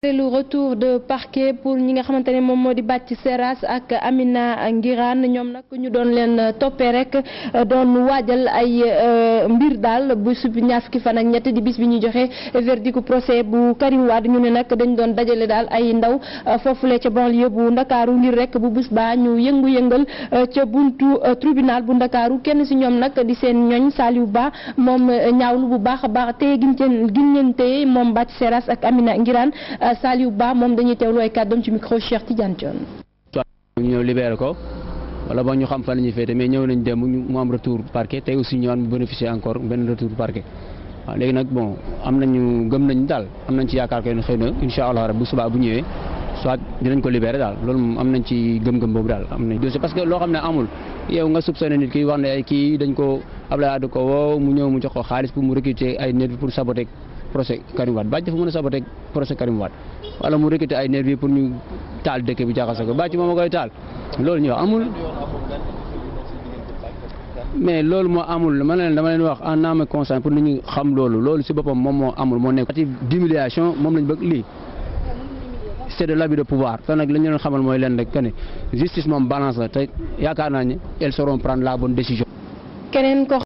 C'est le retour de parquet pour ñi nga xamantene mom modi moo di Seras ak Amina Ngiran ñom nak ñu doon len topé rek doon wadjal ay euh, mbir dal bu sub ñaas ki fan ak ñett di bis bi ñu joxé verdict du procès bu Karim Wad ñu ne nak dañ doon dajalé dal ay ndaw fofu euh, foofule ca banlieue bu Ndakaaru ngir rek bu bus ba ñu yëngu-yëngal euh, ci buntu tribunal bu Ndakaaru kenn ci ñom nak di seen ñoñ Saliou Ba mom ñaawlu bu baax baax té giñ ci giñ ñenté mom moom bàcc Seras ak Amina Ngiran Euh, Saliou Ba mom dañuy teewlu ay kàddoom ci micro Cheikh Tidiane Dione. ñeu libéré ko wala ba ñu xam fa la fété mais ñëw nañ dem mu am retour parquet tay aussi ñu am bénéficier encore ben retour parquet légui nak bon am nañu gëm nañ dal am nañ ci yaakar ko xëy na incha allah bu subaa bu ñëwee soit dinañ ko libéré dal loolu am nañ ci gëm-gëm bobu dal am nañ parce que lo xamné amul yow nga soupçonné nit ki wax ne ay ki dañ ko abla Wade ko wo mu ñew mu jox ko xaaliss pour mu recruter ay nit pour saboter procès Karim Wade Bathie dafa mën a saboté procès Karim Wade wala mu recruter ay nervi pour ñu taal dëkk bi jaxase ko Bathie moom a koy taal loolu ñu wax amul mais loolu moo amul ma leen dama leen wax en âme et conscience xam loolu loolu si boppam moom moo amul moo nekk d'humiliation moom lañ bëgg lii c'est de l'abus de pouvoir te nag li ñu leen xamal mooy leen rek que ne justice moom balance la te yaakaar naa ne elles sauront prendre la bonne décision.